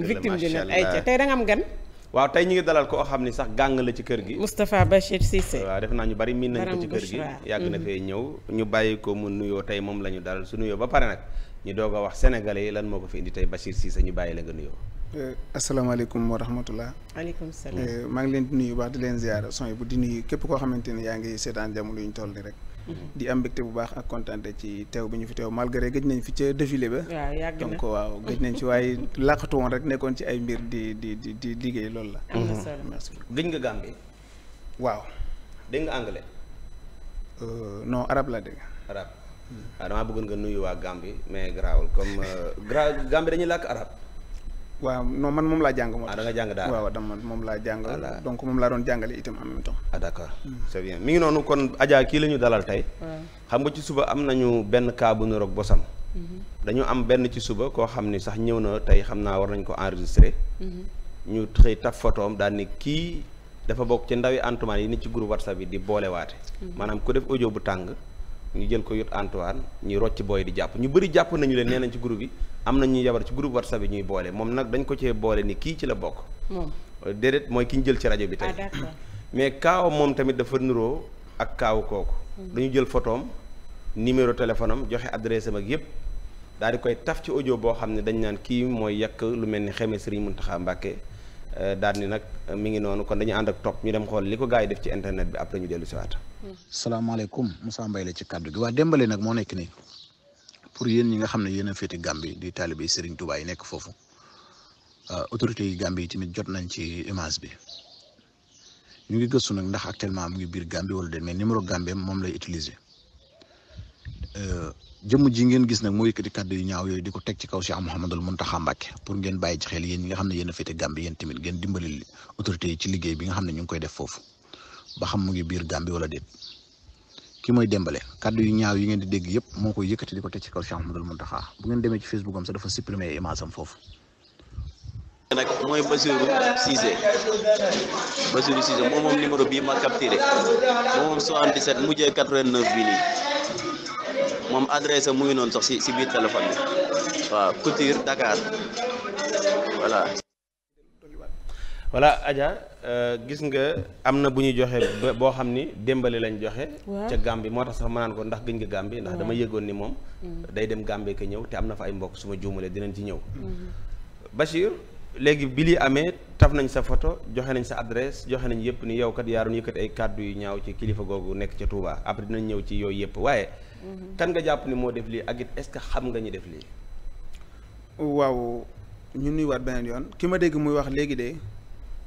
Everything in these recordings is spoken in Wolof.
victime di nag ay ca tey da am gan. waaw tey ñu ngi dalal koo xam ni sax gàng la ci kër gi. Moustapha Bachir Cissé. waaw def naa ñu bari miin nañ ko ci kër gi yàgg na mhm. fee ñëw. ñu bàyyi ko mu nuyoo tey moom la ñu dalal su nuyoo ba pare nag ñu doog a wax sénégalais yi lan moo ko fi indi tey Bachir Cissé ñu bàyyi la nga nuyoo. Eh, asalaamaaleykum wa rahmatullah. waaleykum salaam eh, maa ngi leen di nuyu baax di leen ziyaara son bu di nuyu képp koo xamante ni yaa ngi seetaan jamono lu ñu toll nii rek. Mm-hmm. di am mbégte bu baax ak kontaante ci teew bi ñu fi teew malgré gëj nañ fi ca défilé ba. waaw yàgg na donc waaw gëj nañ fi waaye làqatu woon rek nekkoon ci ay mbir di di di di liggéey loolu la. am na nga Gambie. waaw. dégg nga anglais. Euh, non arabe la dégg. arabe waaw ah, damaa bëggoon nga nuyu waa Gambie mais garaawul comme euh, Gra Gambie dañuy làkk arab waaw non man moom laa jàng moom. ah da nga jàng daal waaw dama moom laa jàng. donc moom laa doon jàngale itam en même temps. ah d' accord hmm. c' ngi noonu kon Adja kii la ñu dalal tey. xam nga ci suba am nañu benn cas bu niroog bosam. Mhm. dañu am benn ci suba koo xam ni sax ñëw na tey xam naa war nañ ko enregistré. Mhm. ñu xëy taf photoom daal ni kii dafa bokk ci ndawi Antoine yi ni ci groupe WhatsApp yi di boolewaate. Mhm. maanaam ku def audio bu tàng. ñu jël ko yot Antoine ñu rocc booy di jàpp ñu bari jàpp nañu leen nee nañ ci groupe yi am na ñuy yabar ci groupe whatsapp yi ñuy boole moom nag dañ ko cee boole ni kii ci la bokk. moom mooy ki ñu jël ci rajo bi tey. Ah, mais kaaw moom tamit dafa nuroo ak kaaw kooku. Hmm. dañu jël photoom numéro téléphone am joxe adresse am ak yëpp daal di koy taf ci audio boo xam ne dañ naan kii mooy yàq lu mel ni xeme Serigne mun Mbacké euh, daal ni nag euh, mi ngi noonu kon dañu ànd ak topp ñu dem xool li ko gars yi def ci internet bi après ñu dellu si waat. Hmm. salaamaaleykum Moussa Mbaye la ci kàddu gi waa Dembale nag moo nekk nii. pour yéen ñi nga xam ne yéen a féete Gambie di taalibe Serigne Touba yi nekk foofu euh, autorités yi Gambie yi tamit jot nañ ci image bi ñu ngi gëstu nag ndax actuellement mu ngi biir Gambie wala déet mais numéro Gambie moom lay utiliser euh, jëmm ji ngeen gis nag moo yëkkati kàddu yu ñaaw yooyu di ko teg ci kaw Cheikh Mouhamadul Mountakha Mbacké pour ngeen bàyyi ci xel yéen ñi nga xam ne yéen a féete Gambie yéen tamit ngeen dimbali autorités yi ci liggéey bi nga xam ne ñu ngi koy def foofu ba xam mu ngi biir Gambie wala déet. ki mooy dembale kaddu yu ñaaw yi ngeen di dégg yëpp moo koy yëkkati di ko teg ci kaw Cheikh Mouhamadou Mountakha bu ngeen demee ci Facebook am sax dafa supprimer image am foofu. mooy Bassirou Cissé Bassirou moom moom numéro bi ma capturé moom moom 77 mujjee 89 bii nii moom adresse am mu ngi noonu sax si si biir téléphone bi waaw Couture Dakar voilà. voilà Adja euh, gis nga am na bu ñuy joxe boo xam ni démbali lañ joxe. ca Gàmbi moo tax sax ma ko ndax gëñ nga Gàmbi ndax dama yëgoon ni moom. Mm. day dem Gàmbi ñëw te am na fa ay mbokk suma ma juumalee dinañ ci ñëw. Mm-hmm. Bachir léegi bi lii amee taf nañ sa photo joxe nañ sa adresse joxe nañ yëpp ni yow kat yaa doon yëkkat ay kàddu yu ñaaw ci kilifa googu nekk ca Touba après dinañ ñëw ci yooyu yëpp waaye. Mm-hmm. kan nga jàpp ni moo def lii ak it est-ce que xam nga ñu def lii. waaw ñu nuyuwaat beneen yoon ki ma dégg muy wax léegi de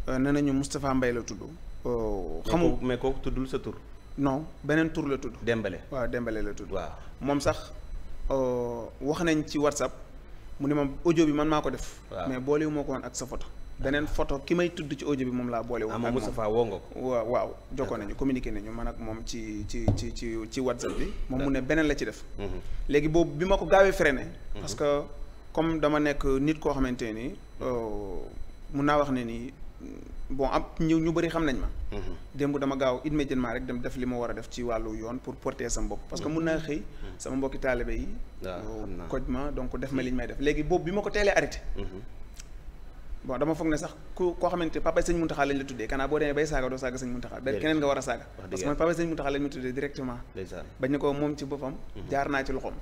Euh, nee nañu Moustapha mbay la tudd. Euh, xamul mais kooku tuddul sa tur. no beneen tur la tudd. Dembale waaw Dembale la tudd. waaw moom sax euh, wax nañ ci WhatsApp mu ne ma audio bi man maa ko def. mais boolewu moo ko ak sa photo. beneen photo ki may tudd ci audio bi moom laa boole woon. Ah, ak moom Moustapha woo nga ko. waaw waaw jokkoo nañu communiqué nañu man ak moom ci ci ci ci ci WhatsApp bi. moom mu ne beneen la ci def. Mhm. léegi boobu bi ma ko gaawee freiné. Mhm. parce que comme dama nekk nit koo xamante nii mun naa wax ne nii. bon am ñu ñu bëri xam nañ ma. Mhm. démb dama gaaw immédiatement rek def li ma war a def ci wàllu yoon pour porter sama bopp parce que mun naa xëy. Mhm. sama mbokki taalibe yi. Ah, koj ma donc def ma bi ma mhm. demee bay saaga doo saaga da keneen nga saaga man Papa ko moom ci boppam jaar naa ci loxoom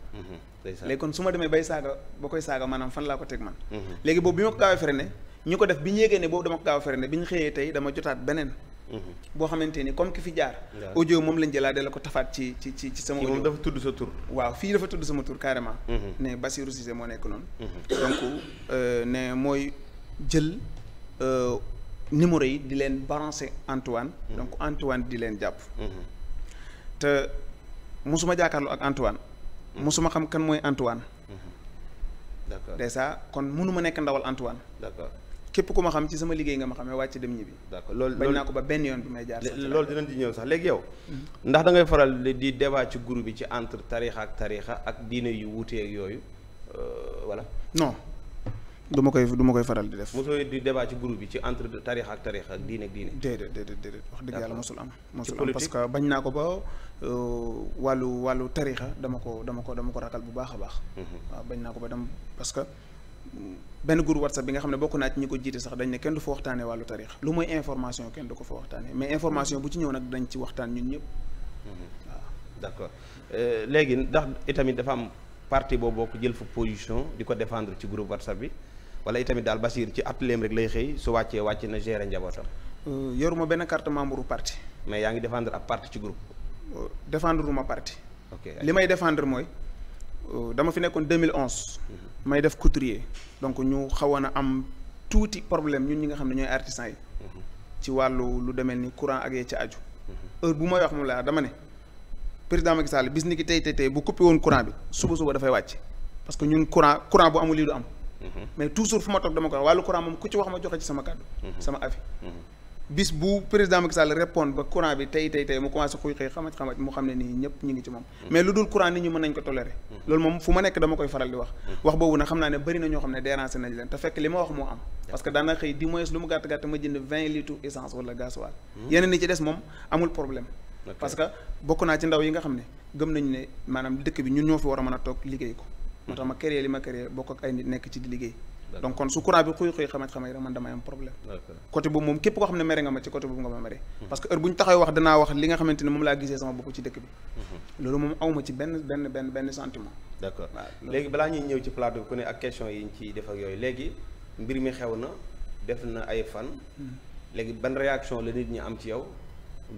léegi kon su ma demee bay ba koy saaga maanaam fan laa ko teg man léegi boobu bi ma ko gaawee fere ne ñu ko def bi ñu yégee ne boobu dama ko gaaw a freiné bi ñu xëyee tey dama jotaat beneen. Mhm. boo xamante ni comme ki fi jaar. audio moom lañ jëlaat de la ko tafaat ci ci ci sama. audio moom dafa tudd sa tur. waaw fii dafa tudd sama tur carrément. Mhm. ne Bassirou Cissé moo nekk noonu. Mhm. donc euh, ne mooy jël euh, numéro yi di leen balancer Antoine. donc Antoine di leen jàpp. te mosuma mosuma xam kan mooy Antoine. d'accord déjà kon mënuma nekk ndawal Antoine. d'accord. képp ku ma xam ci sama liggéey nga ma xamee wàcc dem ñibbi. d'accord loolu naa ko ba benn yoon bi may jaar. loolu dinañ ci ñëw sax léegi yow. Mhm. ndax da ngay faral di débat ci groupe bi ci entre tarixa ak tarixa ak diine yu wuuteeg yooyu euh, voilà. non du ma koy du ma koy faral di def. mosoo di débat groupe bi ci entre tarixa ak tarixa ak diine ak diine. déedéet déedéet déedéet wax dëgg yàlla mosul am. mosul am parce que bañ naa ko ba euh, wàllu wàllu tarixa dama ko dama ko dama ko ragal bu baax a baax. Mhm. waaw bañ naa ko ba dem parce benn groupe whatsapp bi nga xam ne bokk naa ci ñi ko jiite sax dañ ne kenn du fa waxtaanee wàllu tarix lu mooy information kenn du ko fa waxtaanee mais information bu ci ñëw nag dañ ci waxtaan ñun ñëpp waaw mhm. d'accord euh, léegi ndax itamit dafa am parti boo bokk jël fa position di ko defendre ci groupe whatsapp bi wala itamit daal Bachir ci atelier rek lay xëy su wàccee wàcc na gérer njabootam euh, yoruma benn carte membre u parti mais yaa ngi défendre ab parti ci groupe euh, défendre uma parti ok li may défendre mooy Euh, dama fi nekkoon 2011. may def couturier donc ñu xawoon a am tuuti problème ñun ñi nga xam ne ñooy artisans yi. ci wàllu lu demee ni courant ak yee ci aju. heure bu may wax moom laa dama ne président Macky Sall bis ni tey tey tey bu coupé woon courant bi suba suba dafay wàcc parce que ñun courant courant bu amul lii du am. Mhm. mais toujours fu ma toog dama ko wax wàllu courant moom ku ci wax ma joxe ci sama kàddu. Mhm. sama avis. Mhm. bis bu président Macky Sall répondre ba courant bi tey tey tey mu commencé xuy xëy xamaj xamaj mu xam ne nii ñëpp ñu ngi ci moom mm. mais lu dul courant nit ñi mën nañ ko toléré mm. loolu moom fu ma nekk dama koy faral di wax mm. wax boobu nag xam naa ne bëri na ñoo xam ne déranger nañ leen te fekk li ma wax moo am parce que daana xëy di moins lu mu gàtt gàtt ma jënd vingt litres essence wala gasoil yeneen ni ci des moom amul problème parce que bokk naa ci ndaw yi nga xam ne gëm nañu ne maanaam dëkk bi ñun ñoo fi war a a toog liggéey ko moo tax ma créé li ma créé bokk ak nekk ci liggéey donc kon su courant bi xuy xuy xamat xamat rek man damay am problème côté boobu moom képp koo xam ne mere nga ma ci côté boobu nga ma mere hmm. parce que heure bu ñu taxawee wax danaa wax li nga xamante ne moom laa gisee sama bopp ci dëkk bi hmm. loolu moom awma ci benn benn benn benn sentiment d'accord léegi balaa ñuy ñëw ci plateau bi ku ne ak question yi ñu ciy def ak yooyu léegi mbir mi xew na def na ay fan hmm. léegi ban réaction la nit ñi am ci yow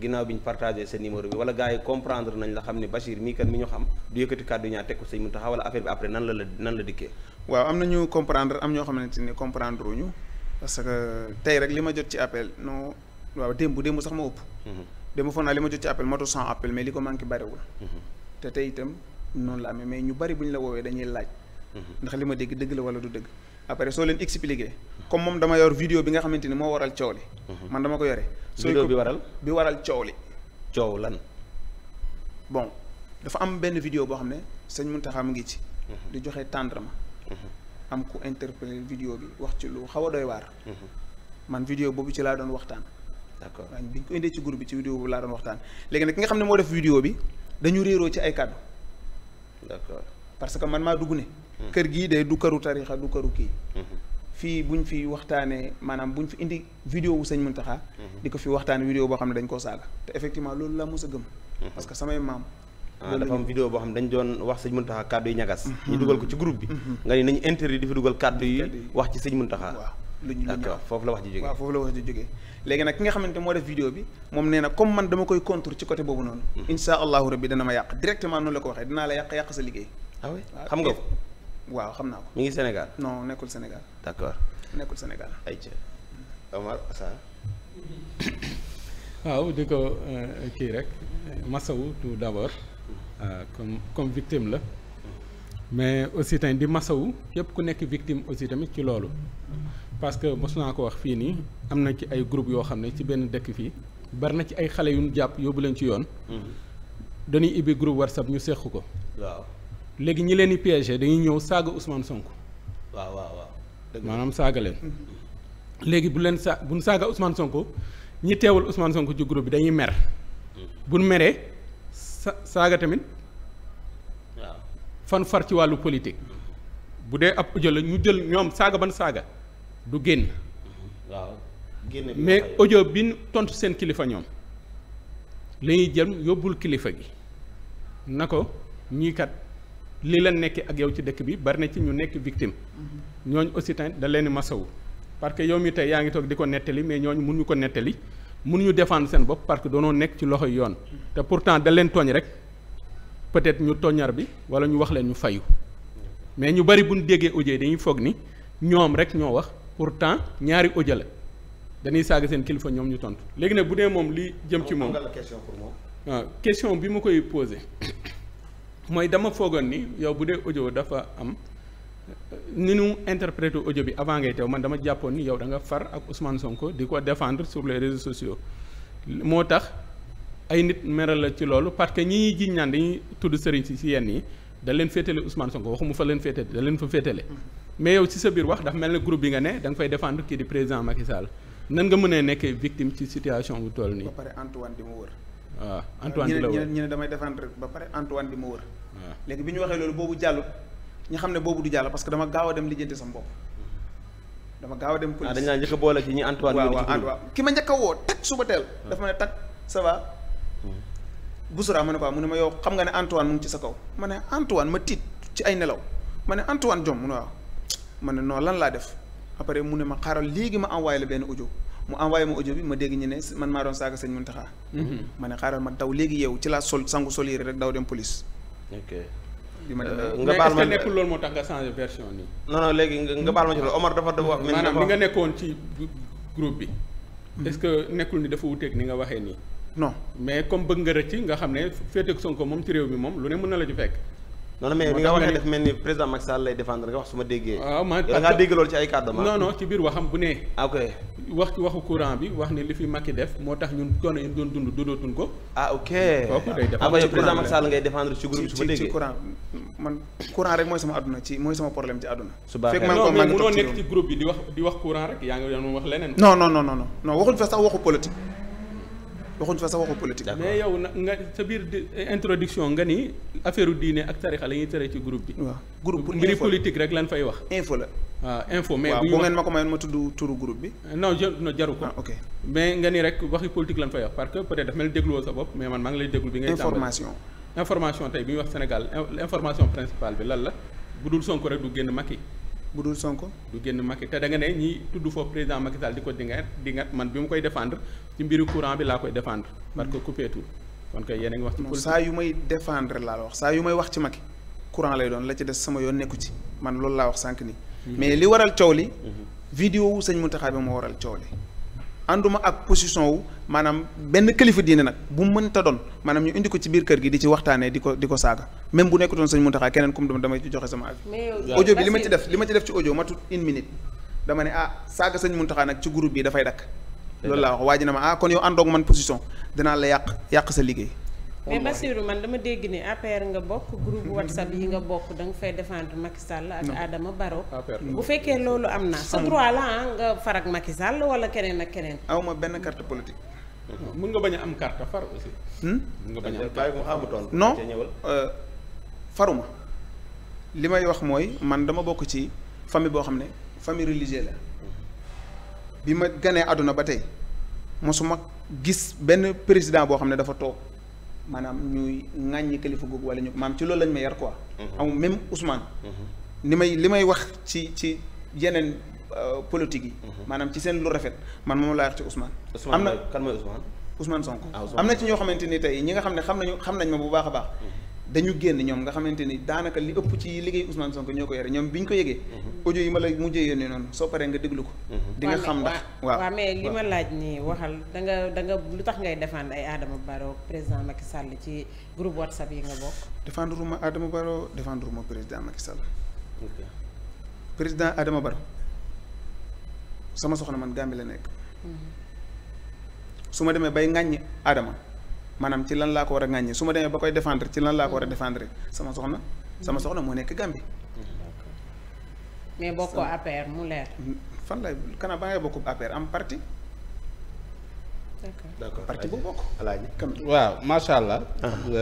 ginnaaw bi ñu partagé sa numéro bi wala gars yi comprendre nañ la xam ne Bachir mii kat mi ñu xam du yëkkati kàddu ñaar teg ko sëñ Mountakha wala affaire bi après nan la la dikkee. waaw am na ñu comprendre am ñoo xamante ni comprendre wuñu parce que tey rek li ma jot ci appel non waaw démb démb sax ma ëpp. Mhm. démb foog naa li ma jot ci appel motu sans appel mais li ko manqué bariwul. Mhm. te tey itam noonu la amee mais ñu bari bu ñu la woowee dañuy laaj. Mhm. ndax li ma dégg dëgg la wala du dëgg. après soo leen expliqué comme moom dama yor vidéo bi nga xamante ni moo waral coow li mhm. man dama ko yore. vidéo bi waral bi waral coow li coow lan. bon dafa am benn vidéo boo xam ne sëñ Mountakha mu ngi ci. Mhm. di joxe tendrement. Mhm. am ku interpellé vidéo bi wax ci lu xaw a doy waar. man vidéo boobu ci laa doon waxtaan. d'accord bi ñu ko indee ci groupe bi ci vidéo boobu laa doon waxtaan léegi nag ki nga xam ne moo def vidéo bi dañu réeroo ci ay kàddu. parce que man maa dugg ne. kër gii de du këru tarixa du këru kii mhm. fii buñ fi waxtaanee maanaam buñ fi indi vidéo wu sëñ taxa mhm. di ko fi waxtaan vidéo boo xam ne dañ koo saaga te loolu la mos a gëm mhm. parce que samay ah, boo xam dañ doon wax sëñ Muntaxa kàddu yi ñagas ñu dugal ko ci groupe bi nga ni nañu interdit di fi dugal kàddu yi wax ci sëñ Muntaxa waaw luñu d'accord foofu la wax ji jógee waaw foofu la wax ji léegi nag ki nga xamante moo def vidéo bi moom nee comme man dama koy contre ci côté boobu noonu insha allahu rabbi dana ma yàq directement noonu la ko waxee dinaa yàq yàq liggéey ah oui xam nga ko waaw xam naa ko. mi ngi Sénégal. non nekkul Sénégal. d' accord nekkul Sénégal. ayca Omar waaw di ko euh, kii rek masawu tout d' abord euh, comme comme victime la mais aussi tamit di masawu képp ku nekk victime aussi tamit ci loolu parce que mos naa ko wax fii nii am na ci ay groupe yoo xam ne ci benn dëkk fii bari na ci ay xale yu ñu jàpp yóbbu leen ci yoon. Mhm. dañuy ibbi groupe WhatsApp ñu seq ko. waaw léegi ñi leen di piégé dañuy ñëw saaga Ousmane Sonko. waaw waaw waaw. maanaam saaga leen. léegi bu leen sa bu saaga Ousmane Sonko ñi teewul usman Sonko ci groupe bi dañuy mer. Hmm. bu meree sa saaga tamit. fan far ci wàllu politique. Hmm. bu dee ab audio la ñu jël ñoom saaga ban saaga du génn. Hmm. waaw génn mais audio bi tontu seen kilifa ñoom. la ñuy jëm yóbbul kilifa gi na ko ñii kat. li leen nekkee ak yow ci dëkk bi bari na ci ñu nekk victime mm-hmm. ñooñ aussi tamit da leen masawu parce que yow mi tey yaa ngi toog di ko nettali mais ñooñu mun ñu ko nettali mun ñu défendre seen bopp parce que doonoo nekk ci loxo yoon te pourtant da leen tooñ rek peut-être ñu toñar bi wala ñu wax leen ñu fayu mais ñu bari bu ñu déggee audio dañuy foog ni ñoom rek ñoo wax pourtant ñaari audio la dañuy saaga seen kilifa ñoom ñu tontu léegi nag bu dee moom li jëm ci moom question bi ma koy posé mooy dama foogoon ni yow bu dee audio dafa am ni ñu interpréter audio bi avant ngay teew man dama jàppoon ni yow da nga far ak usman Sonko di ko défendre sur les réseaux sociaux moo tax ay nit meral la ci loolu parce que ñi ñuy jiñ ñaan dañuy tudd sëriñ si si yenn yi da leen féetale Ousmane Sonko waxuma fa leen féetale da leen fa féetale mais yow ci sa biir wax dafa mel ne groupe bi nga ne danga fay défendre kii di président Macky Sall nan nga mënee nekkee victime ci situation bu toll nii. ba pare Antoine di mu waaw ah, ah, Antoine di la wër ñu ne damay défendre ba pare Antoine di ma wër. Ah. léegi bi ñu waxee loolu boobu jàll ñu xam ne boobu du jàll parce que dama gaaw a dem lijjanti sama bopp. dama gaaw a dem police dañu naan a boole ci ñi Antoine. waaw waaw Antoine ki ma njëkk a woo tag suba teel. dafa ma ne tag sa va. Hmm. Boussora ma ne ko mu ne ma yow xam nga ne Antoine mu ngi ci sa kaw ma ne Antoine ma tiit ci ay nelaw ma ne Antoine Diome mu ne waaw ma ne non lan laa def après mu ne ma xaaral léegi ma envoyé la benn audio. mu envoyé ma audio bi ma dégg ñu ne man maa doon saaga sëñ Muntaxa mhm. ma ne xaaral ma daw léegi yow ci laa sol sangu sol yére rek daw dem police ok bi ma euh, demee nga baal ma mais loolu moo tax nga changé version nii léegi nga baal ma ci loolu Omar dafa dafa wax maanaam li nga nekkoon ci groupe bi mhm. est-ce que nekkul ni dafa wuteeg ni nga waxee nii non mais comme bëgg nga rëcc nga xam ne féeteeg Sonko moom ci réew mi moom lu ne mën na la ci fekk non non mais li nga waxee def mel ni président Macky Sall lay défendre nga wax su ma déggee. waaw ah, man da dégg loolu ci ay kàddam. Ah? non non ci biir waxam bu nee. Ah, ok wax ci waxu courant bi wax ne li fi Macky def moo tax ñun coono yi doon dund dundatuñ ko. ah ok président Macky Sall ngay défendre ci groupe su ma déggee ci courant man courant rek mooy sama àdduna ci mooy sama problème ci àdduna. suba fekk man munoo nekk ci groupe bi di wax di wax courant rek yaa ngi wax leneen. non non non non non waxuñ fa sax waxu politique. waxuñ fa sax waxu politique. mais yow na nga sa biir introduction nga ni affaire diine ak tarixa la ñuy tere ci groupe bi. waaw groupe pour mbiri politique rek lan fay wax. info la. waaw ah, info mais bu ngeen ma ko mayoon ma tudd turu groupe bi. non je non jaru ko. Ah, ok mais nga ni rek waxi politique lan fay wax parce que peut-être daf mel dégluwoo sa bopp mais man maa ngi lay déglu. bi ngay tàmbali information. information bi ñuy wax Sénégal information principale bi lan la bu dul Sonko rek du génn Macky. bu dul Sonko. du génn Macky te da nga ne ñi tudd foofu président Macky Sall di ko dingat dingat man bi ma koy défendre ci mbiru courant bi laa koy défendre. parce que coupé tout kon kay yéen a ngi wax. ci saa yu may défendre laa la wax saa yu may wax ci Macky courant lay doon la ci des sama yoon nekku ci man loolu laa wax sànq nii. Mhm. mais li waral coow li. Mhm. vidéo wu sëñ Mountakha bi moo waral coow li. ànduma ak position wu maanaam benn kilifa diine nag bu mu mënta doon maanaam ñu indi ko ci biir kër gi di ci waxtaanee di ko di ko saaga même bu nekkutoon sëñ Muntaxa keneen comme dama damay ci joxe sama avis audio bi li ma ci def li ma ci def ci audio matut une minute dama ne ah saaga sëñ Muntaxa nag ci groupe bi dafay dakk loolu laa wax waa ji na ma ah kon yow àndoog man position danaa la yàq yàq sa liggéey mais Bassirou man dama dégg ni APR nga bokk groupe WhatsApp yi nga bokk danga nga fay défendre Macky Sall ak Adama Barrow bu fekkee loolu am na sa droit la ah, nga far ak Macky Sall wala keneen ak keneen aw ma benn carte politique mun nga bañ a am carte far aussi hmm? mun nga bañ a am carte non euh, faruma li may wax mooy man dama bokk ci famille boo xam ne famille religieuse la bi ma ganee àdduna ba tey mosuma gis benn président boo xam ne dafa toog maanaam ñuy ŋàññi kilifa googu wala ñu maam ci loolu lañ ma yar quoi. Mhm. amu même Ousmane. li mhm. may li may wax ci ci yeneen euh, politique yi. Mhm. maanaam ci seen lu rafet man moom laa yar ci Ousmane. am na kan mooy Ousmane. Ousmane Sonko. Ah, am na ci ñoo xamante ni tey ñi nga xam ne xam nañu xam nañ ma bu baax a baax. dañu génn ñoom nga xamante ni daanaka li ëpp ci liggéey Ousmane Sonko ñoo ko yore ñoom bi ñu ko yëgee. Mhm. audio yi ma la mujjee yónnee noonu soo paree nga déglu ko. Mhm. di nga xam ndax waa waaw mais li ma laaj nii waxal da danga lu tax ngay défendre ay Adama Barrow président Macky Sall ci groupe WhatsApp yi nga bokk. défendre ma Adama baro défendre ma président Macky Sall. président Adama Barrow sama soxna man Gambie la nekk. Mhm. su ma demee bay ŋàññi Adama. maanaam ci lan laa ko war a ŋàññi su ma demee ba koy défendre ci lan laa ko war a defendre sama soxna sama soxna moo nekk Gambie. mais bokkoo APR mu leer. fan lay kana ba ngay bokk APR am parti. d'accord d'accord parti bu bokk. waaw macha allah. li ah.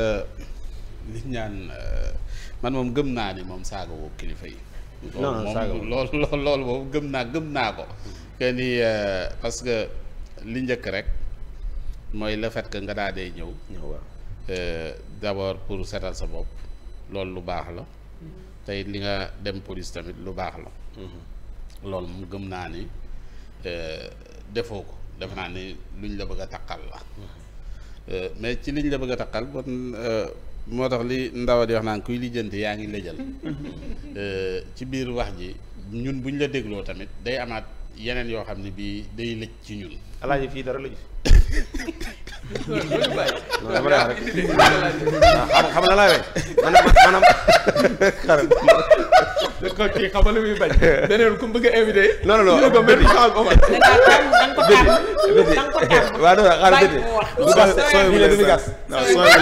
euh, ñaan euh, man moom gëm naa ni moom saaga woo kilifa yi. non moom lool lool lool gëm naa gëm naa ko. Hmm. que ni euh, parce que li njëkk rek. mooy le fait que nga daa dee ñëw. ñëw waaw euh, d'abord pour seetal sa bopp loolu lu baax la. Mm-hmm. tey li nga dem police tamit lu baax la. Mm-hmm. loolu moom gëm naa ni euh, defoo ko def naa ni lu luñ la bëgg a taqal la. Mm-hmm. Euh, mais ci liñ la bëgg a taqal bon moo tax li ndaw di wax naan kuy lijjanti yaa ngi lëjal ci biir wax ji ñun buñ la dégloo tamit day amaat yeneen yoo xam ne bii day lëj ci ñun. alaaji fii dara lëj. dama lay wax rek xam xam la laa kii xam nga lu muy bañ. beneen ku mu bëgg a invité. non non non ko mel ni Omar. da nga ko waaw non xaaral déedéet. gas.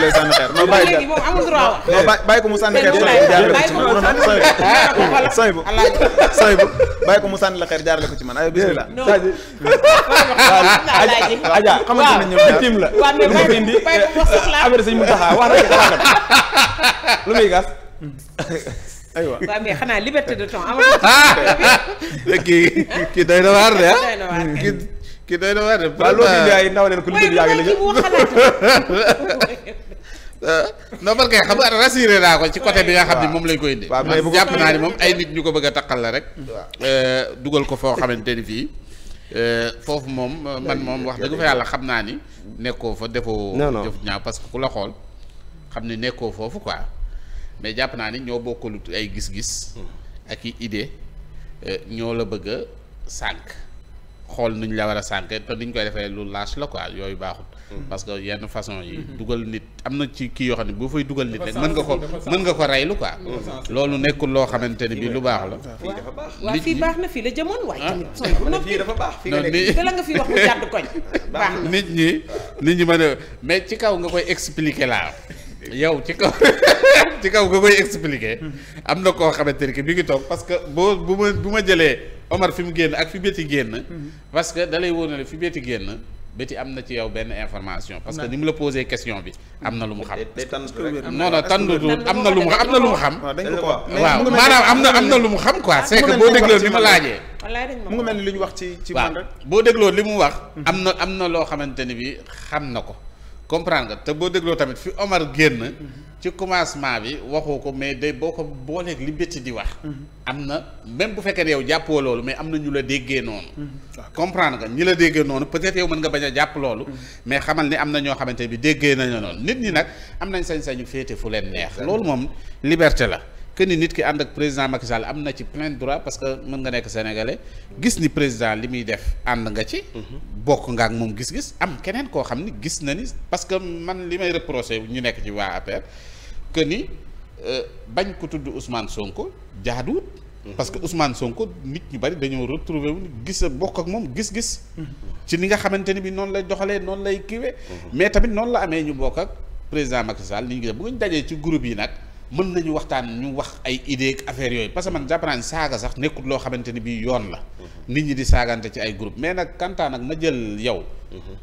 lay sànni xeer. non bàyyi moom amul droit wax. non bàyyi ko mu sànni xeer jaarale ko ci man. bàyyi ko mu sànni la xeer jaarale ko ci man aywa bisimilah. non Adja xamante ne ñoom ñaar la. waaw mais bàyyi ko bàyyi ko wax soxla. affaire sëñ Mountakha wax rek lu muy gas. aywa waaw mais xanaa liberté de ton amul. kii kii doy na waar de ah. kii day na waar de. waaw loolu indi ay ndaw neen ku xam nga rassuré naa ko ci côté bi nga xam ne moom lañ koy indi. waaw jàpp naa ni moom ay nit ñu ko bëgg a taqal la rek. Euh, dugal ko foo xamante ni fii. Euh, foofu moom man moom wax dëgg fa yàlla xam naa ni. nekkoo fa defoo. jëf ñaaw parce que ku la xool xam ne nekkoo foofu quoi. mais jàpp naa ni ñoo bokkalut ay gis-gis. Hmm. ak i euh, ñoo la bëgg a sànq. xool nuñ la a sànke te niñ koy defee lu lâche la quoi yooyu baaxul mm-hmm. parce que yenn façon yi nit am na ci kii yoo xam ne boo fay dugal nit rek mën nga ko mën nga ko reylu quoi loolu nekkul loo xamante ni bi lu baax la waaw fii baax na fii ñi nit ñi ma a mais ci kaw nga koy expliquer laa yow ci kaw ci kaw nga koy expliquer hmm. am na koo xamante ni bi ngi toog parce que boo bu ma bu ma jëlee Omar fi mu génn ak fi béti génn. Mhm. parce que da lay wóor ne fi béti génn. béti am na ci yow benn information. parce que ni mu la posé question bi. am na lu mu xam non non tàndu du am na lu mu am na lu xam. waaw maanaam am na am na lu mu xam quoi. Ah, c'est que boo dégloo li ma laajee. mu ngi mel ni li ñu wax ci ci man boo dégloo li mu wax. Mm-hmm. am na am na loo xamante ni bi xam na ko. comprendre nga te boo dégloo tamit fi Omar génn. ci commencement bi waxoo ko mais day boo ko booleeg li bëtt di wax. am na même bu fekkee ne yow jàppoo loolu mais am na ñu la déggee noonu. comprendre nga ñi la déggee noonu peut-être yow mën nga bañ a jàpp loolu. mais xamal ni am na ñoo xamante bi déggee nañu noonu nit ñi nag am nañ sañ-sañu féete fu leen neex. loolu moom liberté la. que ni nit ki ànd ak président Macky am na ci plein droit parce que mën nga nekk sénégalais gis ni président li muy def ànd nga ci. bokk nga ak moom gis-gis am keneen koo xam ni gis na ni parce que man li may reproché ñu nekk ci waa APR que ni euh, bañ ko tudd Sonko jaaduwut. parce que Ousmane Sonko nit ñu bari dañoo retrouver wu gis bokk ak moom gis-gis. ci ni nga xamante ni bi noonu lay doxalee noonu lay kiiwee. Mhm. mais tamit noonu la amee ñu bokk ak président Macky Sall li ñu gis bu ñu dajee ci groupe yi nag. mën nañu waxtaan ñu wax ay idée ak affaire yooyu parce que man jàpp naa saaga sax nekkul loo xamante ni bii yoon la. Mhm. nit ñi di saagante ci ay groupe mais nag kantaa nag ma jël yow. Mhm.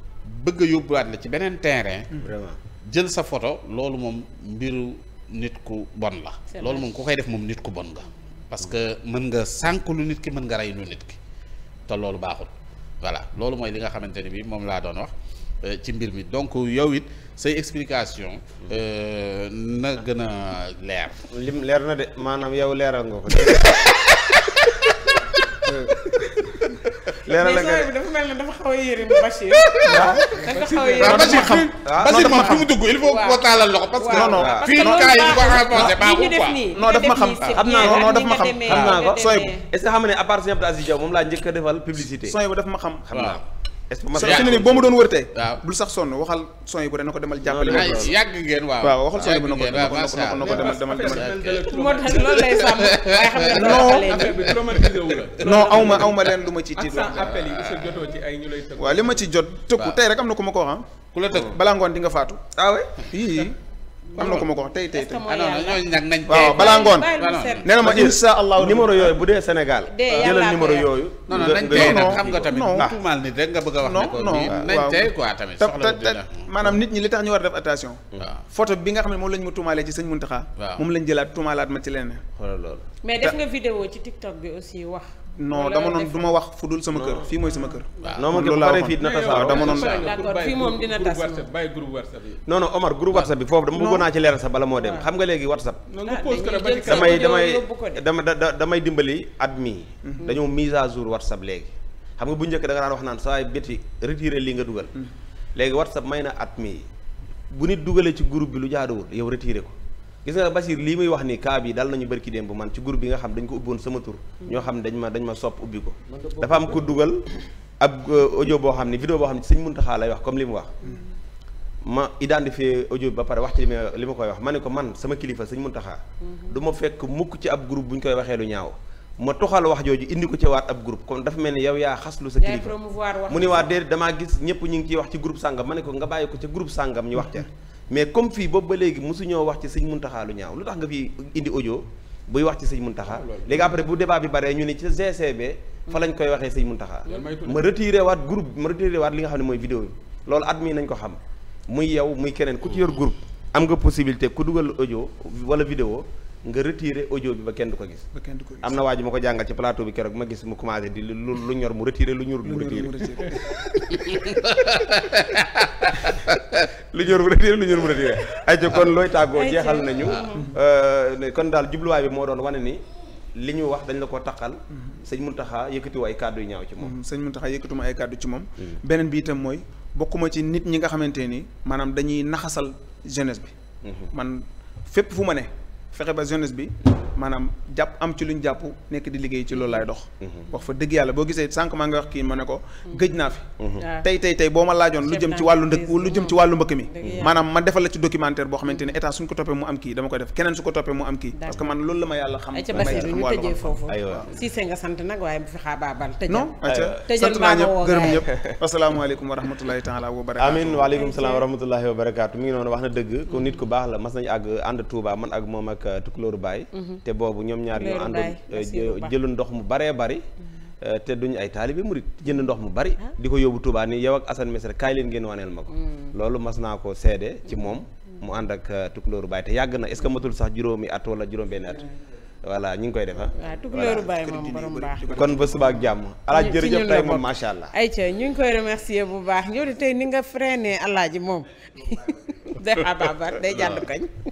bëgg a yóbbuwaat la ci beneen terrain. Mhm. vraiment jël sa photo loolu moom mbiru nit ku bon la. loolu moom ku koy def moom nit ku bon nga. parce que mën nga sànq lu nit ki mën nga rey lu nit ki te loolu baaxul voilà loolu mooy li nga xamante ni bii moom laa doon wax. Euh, ci mbir mi donc yow it say explication euh, na gën a leer. lim leer na de maanaam yow leeral nga ko. leeral la nga de dafa mel ne dafa xaw a yéerim Bachir. dafa xaw a xam Bachir moom ah. fi mu ko taalal loxo parce ma xam xam naa ko non daf ma xam xam naa ko sooy bu est ce que ne à part Abdou Aziz moom laa njëkk a defal publicité sooy bu daf ma xam xam naa est-ce que macha boo ma doon wër tey. bul sax sonn waxal son yi bu dee na ko demal jàppale. waaw yàgg ngeen waaw waxal son bu na ko na ko demal demal aw ma aw ma leen lu ma ciy ci ay ñu lay waaw li ma ci jot. tëkku tey rek am na ku ma ko wax ah. ku balaa ngoon di nga faatu. ah oui. am na ko ma ko wax tey tey tey ah, nañ waaw balaa ngoon nee na ma insha allah numéro yooyu bu dee Sénégal jëlal numéro yooyu non non nañ tey nag xam nga tamit tuumaal nit rek nga bëgg a ñi li tax ñu war a def attention photo bi nga xam ne moom lañ ma tuumaalee ci sëñ Muntaxa moom lañ jëlaat tuumaalaat ma ci leneen mais def nga vidéo ci TikTok bi aussi wax non dama noon du ma wax fu dul sama kër fii mooy sama kër. waaw ma gën pare fii dina tasaaroo dama noon d'accord fii moom dina tas bàyyi groupe whatsapp yi non non Omar groupe whatsapp bi foofu dama bëggoon naa ci leeral sax bala moo dem xam nga léegi whatsapp ah, damay damay dama damay dimbali admin mhm. dañoo mise à jour whatsapp léegi xam nga bu njëkk da daan wax naan saa béti retiré lii nga dugal mhm. léegi whatsapp may na admin bu nit dugalee ci groupe bi lu jaaduwul yow retiré ko gis nga Bachir lii muy wax ni cas bi dal nañu bërki démb man ci groupe bi nga xam dañ ko ubboon sama tur ñoo xam dañ ma dañ ma sopp ubbi ko dafa am ko dugal ab euh, audio boo xam ne vidéo boo xam ne sëñ Muntaxa lay wax comme li mu wax mm. ma identifié audio bi ba pare wax ci li ma li ma koy wax ma ne ko man sama kilifa sëñ Muntaxa mm-hmm. du ma fekk mukk ci ab groupe bu ñu koy waxee lu ñaaw ma toxal wax jooju indi ko ci waat ab groupe kon dafa mel ni yow yaa xaslu sa kilifa mu ni waa déedéet damaa gis ñëpp ñu ngi ciy wax ci groupe sàngam ma ne ko nga bàyyi ko ca groupe sàngam ñu wax ca mais comme fii boobu ba léegi mosuñoo wax ci sëñ Muntaxa ñaaw lu tax nga fi indi ojo buy wax ci sëñ Muntaxa ah, léegi après bu débat bi bare ñu ne ci GCB fa lañ koy waxee sëñ Muntaxa ma retiré waat groupe ma retiré waat li nga xam ne mooy vidéo bi loolu at mii nañ ko xam muy yow muy keneen ku ci yor group am nga possibilité ku dugal audio wala vidéo nga retiré audio bi ba kenn du ko gis. ba kenn du am na waa ji ma ko jàngal ci plateau bi keroog ma gis mu commencé di lu lu ñor mu retiré lu ñor mu retiré. lu ñor mu retiré lu ñor mu retiré ayca kon looy tàggoo jeexal nañu mm-hmm. euh, kon daal jubluwaay bi moo doon wane ni li ñu wax dañ la ko taqal mm-hmm. sëñ Muntaxa yëkkatiwu ay kàddu yu ñaaw ci moom mm-hmm. sëñ Muntaxa yëkkatuma ay kàddu ci moom beneen bi itam mooy bokkuma ci nit ñi nga xamante ni maanaam dañuy naxasal jeunesse bi man fépp fu ma ne fexe ba jeunesse bi maanaam jàpp am ci luñ jàpp nekk di liggéey ci loolu laay dox. Mhm. wax fa dëgg yàlla boo gisee sànq maa ngi wax kii ma ne ko. Mhm. gëj naa fi. Mhm. Ah. tey tey tey boo ma laajoon lu jëm ci wàllu mbëkk mi. maanaam ma defal la ci documentaire boo xamante ne état suñ ko toppee mu am kii parce que man loolu la ma yàlla xam. ayca basi bi ñu tëjee non sant naa ñëpp gërëm ñëpp. asalaamaaleykum wa rahmatulahi taala wa barakaatu. amiin waaleykum salaam wa ak euh, tukulóoru baay mhm. te boobu ñoom ñaar ñoo àndoon euh, jëlu ndox mu bare bari mhm. euh, te duñu ay taalibe murit jënd ndox mu bari ah. di ko yóbbu Touba ni yow ak Assane Mesere kaay leen ngeen waneel ma ko mm. loolu mas naa ko seede ci mm. moom mu ànd ak tukulóoru baay te yàgg na est-ce que matul sax juróomi at wala juróom benn at voilà ñu ngi koy defa ah. waaw tukulóoru bàyyi moom borom baax kon ba suba ak jàmm allah ay ca ñu ngi koy remercier bu baax ñëw di tey ni nga freiné ne moom day xabaabar day jàll kañ